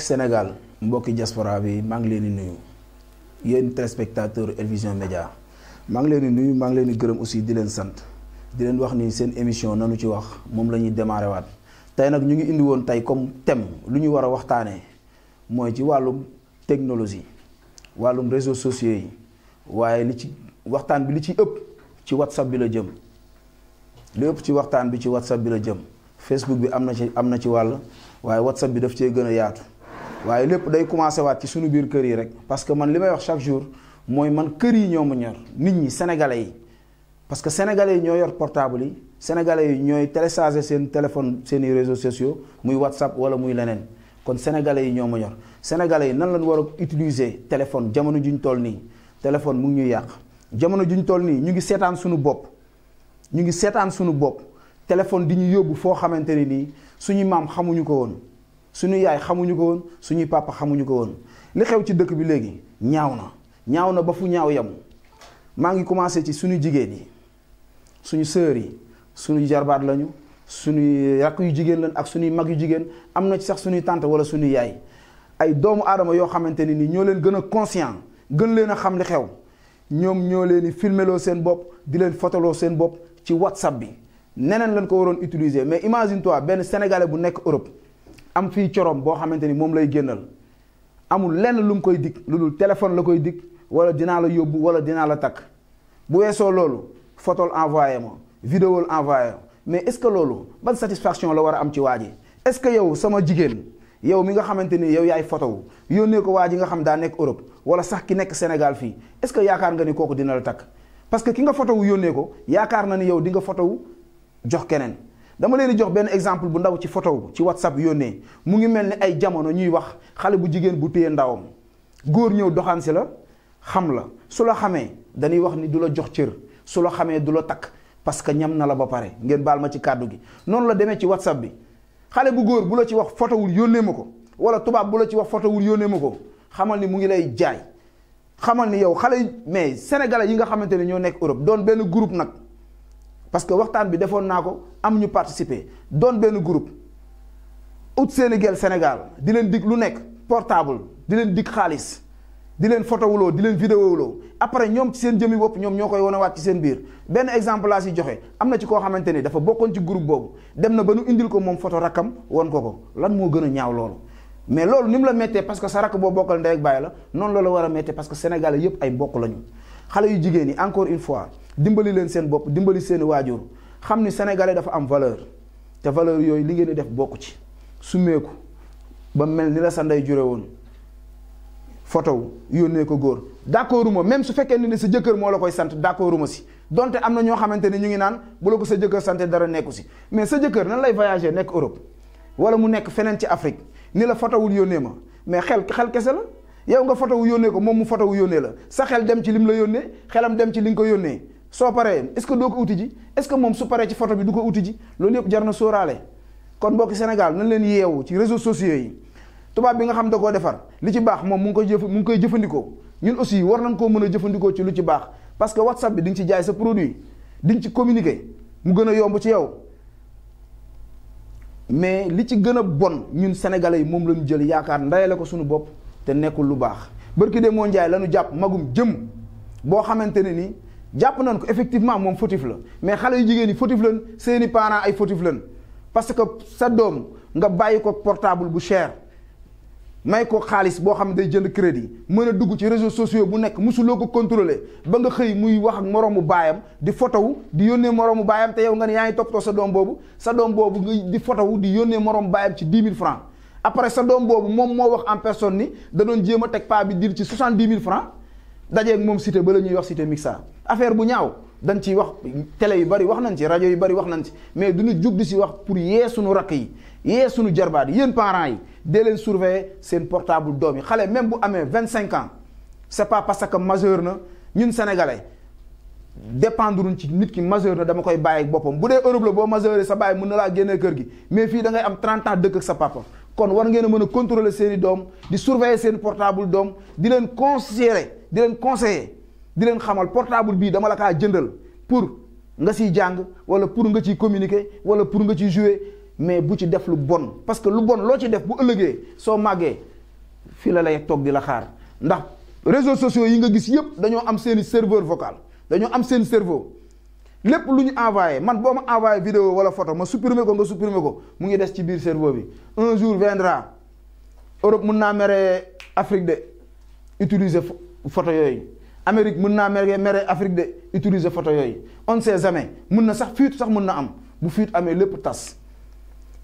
Sénégal mbokki diaspora bi maa ngi leen di nuyu yéen téléspectateur El Vision Média maa ngi leen di nuyu maa ngi leen di gërëm aussi di leen sant di leen wax ni seen émission nanu ci wax moom la ñuy démarré waat tey nag ñu ngi indi woon tey comme thème lu ñu war a waxtaanee mooy ci wàllum technologie wàllum réseaux sociaux yi waaye li ci waxtaan bi li ci ëpp ci whatsapp bi la jëm li ëpp ci waxtaan bi ci whatsapp bi la jëm Facebook bi am na ci am na ci wàll waaye whatsapp bi daf cee gën a yaatu waaye lépp day commencé waat ci suñu biir kër yi rek parce que man li may wax chaque jour mooy man kër yi ñoo ma ñor nit ñi sénégalais yi parce que sénégalais yi ñoo yor portable yi sénégalais yi ñooy télécharger seen téléphone seeni réseaux sociaux muy whatsapp wala muy leneen kon sénégalais yi ñoo ma ñor sénégalais yi nan lañ war a utiliser téléphone jamono juñ toll nii téléphone mu ngi ñuy yàq jamono juñ toll nii ñu ngi seetaan suñu bopp ñu ngi seetaan suñu bopp téléphone di ñu yóbbu foo xamante ni nii suñu maam xamuñu ko woon. suñu yaay xamuñu ko woon suñuy pàpp xamuñu ko woon li xew ci dëkk bi léegi ñaaw na ñaaw na ba fu ñaaw yam maa ngi commencé ci suñu jigéen yi suñu sër yi suñu jarbaat lañu suñuy rakk yu jigéen lañ ak suñuy mag yu jigéen am na ci sax suñuy tante wala suñu yaay ay doomu aadama yoo xamante ni ñoo leen gën a conscient gën leen a xam li xew ñoom ñoo leen di filmeloo seen bopp di leen fotoloo seen bopp ci whatsapp bi neneen lañ ko waroon utiliser mais imagine toi benn sénégalais bu nekk Europe am fii corom boo xamante ni moom lay génnal amul lenn lu mu koy dikk lu dul téléphone la koy dikk wala dinaa la yóbbu wala dinaa la takk bu weesoo loolu fotol envoyé ma vidéol envoyé mais est-ce que loolu ban satisfaction la war a am ci waa ji est-ce que yow sama jigéen yow mi nga xamante ni yow yaay fotow yónnee ko waa ji nga xam daa nekk Europe wala sax ki nekk Sénégal fii est-ce que yaakaar nga ni kooku dina la takk parce que ki nga fotowu yónnee ko yaakaar na ni yow di nga fotowu jox keneen dama leen di jox benn exemple bu ndaw ci photo ci whatsapp yónnee mu ngi mel ni ay jamono ñuy wax xale bu jigéen bu téye ndawam góor ñëw doxaan la xam la su la xamee dañuy wax ni du la jox cër su la xamee du la takk parce que ñam na la ba pare ngeen baal ma ci kàddu gi noonu la demee ci whatsapp bi xale bu góor bu la ci wax photo wul yónnee ma ko wala tubaab bu la ci wax photo wul yónnee ma ko xamal ni mu ngi lay jaay xamal ni yow xale mais sénégalais yi nga xamante ne ñoo nekk Europe doon benn groupe nag parce que waxtaan bi defoon naa ko am ñu participer doon benn groupe ut sénégal Sénégal di leen dig lu nekk portable di leen dig xaalis di leen photowuloo di leen vidéowuloo après ñoom ci seen jëmmi bopp ñoom ñoo koy wonewaat ci seen exemple laa si joxe am ci koo dafa groupe boobu dem na indil ko moom photo rakam won lan mais loolu ni la parce que sa rak boo bokkal ak parce que encore une fois dimbali leen seen dimbali seen xam ni sénégalais dafa am valeur te valeur yooyu li ngeen di def bokku ci summeeku ba mel ni la sa ndey jure woon photo yónnee ko góor d'accordu ma même su fekkee ni ne sa jëkkër moo la koy sant d'accordu ma si donte am na ñoo xamante ne ñu ngi naan bu ko sa jëkkër sant dara nekku si mais sa jëkkër nan lay voyager nekk Europe wala mu nekk feneen ci Afrique ni la photo wul yónnee ma mais xel xel kese la yow nga photo wu yónnee ko moom mu photo wu yónnee la sa xel dem ci lim la yónnee xelam dem ci li nga ko yónnee soo paree est-ce que doo ko uti ji est-ce que moom su paree ci photo bi du ko uti ji loolu yëpp jar na sóoraale kon mbokki Sénégal nañ leen yeewu ci réseaux sociaux yi tubaab bi nga xam da koo defar li ci baax moom mu ngi ko jëf mu ngi koy jëfandikoo ñun aussi war nañ koo mën a jëfandikoo ci lu ci baax parce que WhatsApp bi di nga ci jaay sa produit di ci communique mu gën a yomb ci yow mais li ci gën a bon ñun sénégalais yi moom la ñu jël yaakaar ndayale ko suñu bopp te nekkul lu baax bërki de moo njaay jàpp magum jëm boo xamante ne ni pense nañ effectivement moom fautif la mais xale yu jigéen yi fautif lañ parents ay parce que sa doom nga bàyyi portable bu cher may ko day crédit réseaux sociaux bu nekk musuloo ko contrôler ba nga xëy muy wax ak di photo di yónnee baayam te nga ne yaa sa doom sa di di 10 000 francs après sa doom boobu moom en personne ni da doon jéem a teg bi dir 70 000 francs dajeeg moom cité ba la wax cité mixa affaire bu ñaaw dañ ci wax télé yu bari wax nañ ci radio yu bari wax nañ ci mais duñu ñu jug di si wax pour yee suñu rakk yi yee suñu jarbaat yi parents yi dé leen surveiller seen portable doom yi xale même bu amee 25 ans c'est pas parce que majeur na ñun sénégalais dépendre ci nit ki majeur na dama koy bàyyi ak boppam bu dee Europe la boo majeuree sa bàyyi mën na laa kër gi mais fii da ngay am 30 ans dëkk ak sa papa kon war ngeen a mën a contrôler seen i doom di surveiller seen portable doom di leen conseiller di leen conseiller di xamal portable la pour nga ci wala pour nga communiquer pour jouer mais bu ci def bon parce que lu bon lo ci def bu la lay la xaar ndax réseaux sociaux yi nga gis yépp dañoo am un serveur vocal am seen cerveau lépp lu ñu envoyé man vidéo wala photo ma supprimer ko nga supprimer ko mu ngi des ci un jour viendra Europe mën Afrique de utiliser photo Amérique mën naa mere mere Afrique de utiliser photo yooyu on ne sait mun na sax fuite sax mun na am bu fuite amee lépp tas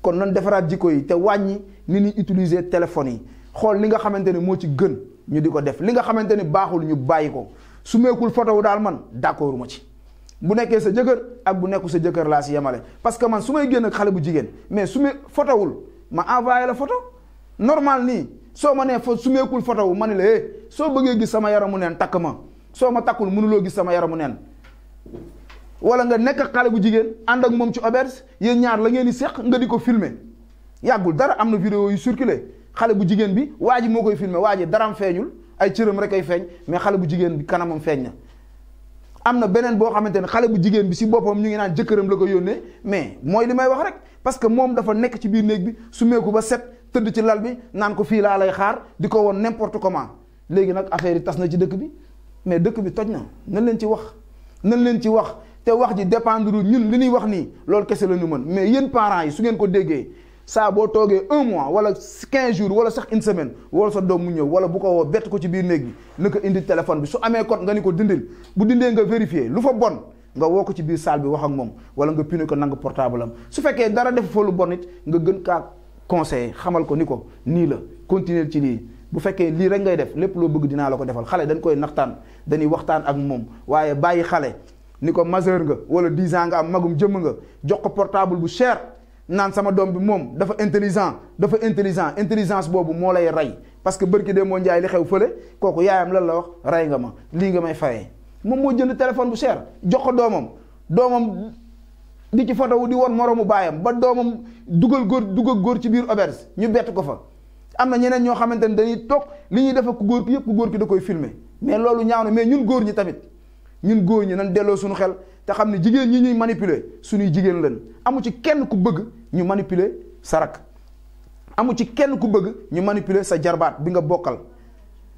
kon nan defaraat jikko yi te wàññi ni ñuy utiliser téléphones yi xool li nga xamante ne moo ci gën ñu di ko def li nga xamante ni baaxul ñu bàyyi ko su meekul photo wu daal man d'accord ma ci. bu nekkee sa jëkkër ak bu nekku sa jëkkër laa si yemale parce que man su may génn ak xale bu jigéen mais su ma fotowul ma envoyé la photo normal nii soo ma nee fa su photo wu ma ne la eh, soo bëggee gis sama yaramu neen takk ma. soo ma takkul mënuloo gis sama yaramu neen wala nga nekk xale bu jigéen ànd ak moom ci auberge yéen ñaar la ngeen di seq nga di ko filmer yàggul dara am na vidéo yu circulé xale bu jigéen bi waa ji moo koy filmer waa ji daram feeñul ay cëram rek ay feeñ mais xale bu jigéen bi kanamam feeñ na am na beneen boo xamante ne xale bu jigéen bi si boppam ñu ngi naan jëkkëram la ko yónnee mais mooy li may wax rek parce que moom dafa nekk ci biir néeg bi su meeku ba set tëdd ci lal bi naan fii laa xaar di ko woon n'importe comment léegi nag affaire yi tas na ci dëkk bi mais deuk bi vous na nan len ci wax nan len ci wax te wax ji dépendre ñun li ñuy wax ni lool kessé la ñu mën mais yeen parents yi su ngeen ko ça un mois wala 15 jours wala une semaine wala sa doom mu ñëw wala bu ko wo bet ko ci biir indi téléphone bi su nga ni ko dindil bu nga vérifier lu fa bon nga ci biir salle bi wax ak mom wala nga pinu ko nang portable am su féké dara def fa lu bon nga gën xamal ko ni la continuer bu fekkee lii rek ngay def lépp loo bëgg dinaa la ko defal xale dañ koy naxtaan dañuy waxtaan ak moom waaye bàyyi xale ni ko majeur nga wala 10 ans nga am magum jëmm nga jox ko portable bu cher naan sama doom bi moom dafa intelligent dafa intelligent intelligence boobu moo lay rey parce que bërki de moo njaay li xew fële kooku yaayam lan la wax rey nga ma lii nga may fayee moom moo jënd téléphone bu cher jox ko doomam doomam di ci fotowu di won moromu baayam ba doomam dugal góor dugal góor ci biir auberge ñu bett ko fa am na ñeneen ñoo xamante ne dañuy toog li ñuy defal ku góor ki yëpp ku góor ki da koy filmer mais loolu ñaaw na mais ñun góor ñi tamit ñun góor ñi nañ delloo suñu xel te xam ne jigéen ñi ñuy manipuler suñuy jigéen lañ amu ci kenn ku bëgg ñu manipuler sa amu ci kenn ku bëgg ñu manipuler sa jarbaat bi nga bokkal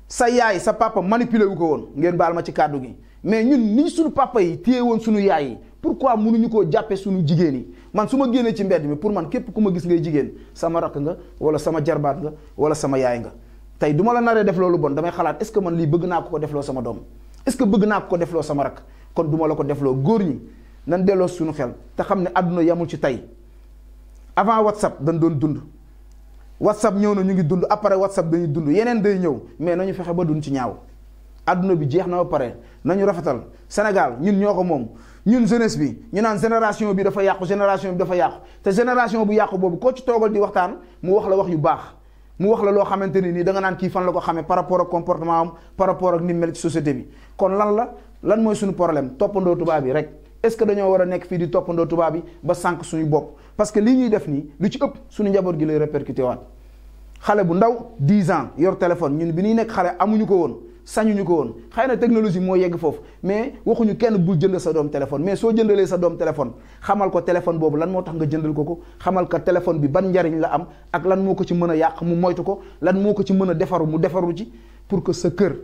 sa yaay sa papa manipuler wu ko woon ngeen baal ma ci kàddu gi mais ñun ni suñu papa yi téye woon suñu yaay yi pour pourquoi mënuñu koo jàppee suñu jigéen yi man su ma génnee ci mbedd mi pour man képp ku ma gis ngay jigéen sama rakk nga wala sama jarbaat nga wala sama yaay nga tey duma la naree def loolu bon damay xalaat est ce que man lii bëgg naa ko ko defloo sama doom est ce que bëgg ko ko defloo sama rakk kon duma la ko defloo góor ñi nan delloo suñu xel te xam ne àdduna yamul ci tey avant whatsapp dañ doon dund whatsapp ñëw na ñu ngi dund après whatsapp dañuy dund yeneen day ñëw mais nañu fexe ba dund ci ñaaw àdduna bi jeex na ba pare nañu rafetal Sénégal ñun ñoo ko moom ñun jeunesse bi ñu naan génération bi dafa yàqu génération bi dafa yàqu te génération bu yàqu boobu koo ci toogal di waxtaan mu wax la wax yu baax mu wax la loo xamante ne nii da nga naan kii fan la ko xamee par rapport ak comportement am par rapport ak ni mel société bi kon lan la lan mooy suñu problème toppandoo tubaab yi rek est-ce que dañoo war a nekk fii di toppandoo tubaab bi ba sànq suñu bopp parce que lii ñuy def nii lu ci ëpp suñu njaboot gi lay répercuté waat xale bu ndaw 10 ans yor téléphone ñun bi ñuy nekk xale amuñu ko woon sañuñu ko woon xëy na technologie moo yegg foofu mais waxuñu kenn bul jënd sa doom téléphone mais soo jëndalee sa doom téléphone xamal ko téléphone boobu lan moo tax nga jëndal ko ko xamal ko téléphone bi ban njariñ la am ak lan moo ko ci mën a yàq mu moytu ko lan moo ko ci mën a defaru mu defaru ci pour que sa kër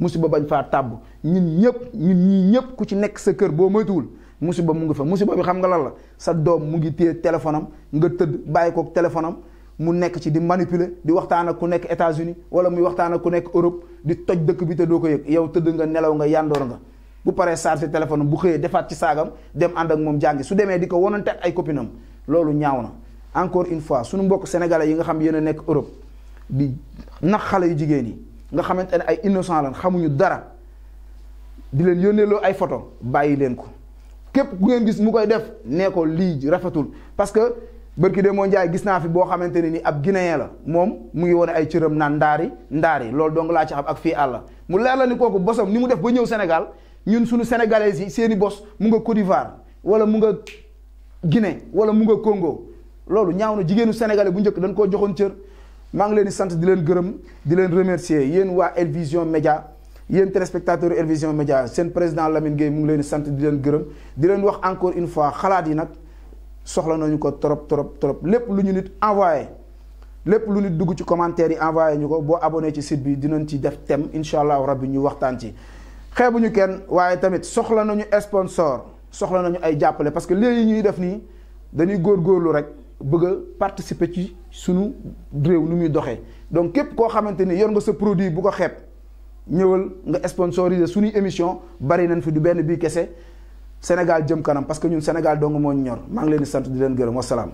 musiba bañ faa tàbb ñun ñëpp ñun ñii ñëpp ku ci nekk sa kër boo moytuwul musiba mu ngi fa musiba bi xam nga lan la sa doom mu ngi téye téléphone am nga tëdd bàyyi ko téléphone am mu nekk ci di manipuler di waxtaan ak ku nekk états uni wala muy waxtaan ak ku nekk Europe di toj dëkk bi te doo ko yëg yow tëdd nga nelaw nga yandoor nga bu paree chargé téléphone bu xëyee defaat ci saagam dem ànd ak moom jàngi su demee di ko wonante ak ay copinam loolu ñaaw na encore une fois suñu mbokk sénégalais yi nga xam yéen nekk Europe di nax xale yu jigéen yi nga xamante ne ay innocent lan xamuñu dara di leen yónneeloo ay photo bàyyi leen ko képp ku ngeen gis mu koy def nee lii rafetul parce que bërki de moo njaay gis naa fi boo xamante ne ni ab guinéen la moom mu ngi wone ay cëram naan ndaari ndaari loolu dong laa ci xam ak fii àlla mu leer la ni kooku bosam ni mu def ba ñëw Sénégal ñun suñu sénégalais yi seen i bos mu nga Côte d'Ivoire wala mu nga Guinée wala mu nga Congo loolu ñaaw na jigéenu sénégalais bu njëkk dañ koo joxoon cër maa ngi leen sant di leen gërëm di leen remercier yéen waa El Vision Média yéen téléspectateurs El Média seen président Lamine Gueye mu ngi leen di sant di leen gërëm di leen wax encore une fois xalaat yi nag soxla nañu ko trop trop trop lu nit envoyé lepp lu dugg ci commentaire yi abonné ci site bi dinañ ci def thème ñu ci. kenn tamit sponsor soxla nañu ay jappalé parce que léegi ñuy def ni dañuy gorlu rek bëgg participer ci sunu réew nu muy donc képp koo xamante yor nga produit bu ko nga sponsoriser émission bari du Sénégal jëm kanam parce que ñun Sénégal dong moo ñor maa ngi leen di sant di leen gërëm wasalaam.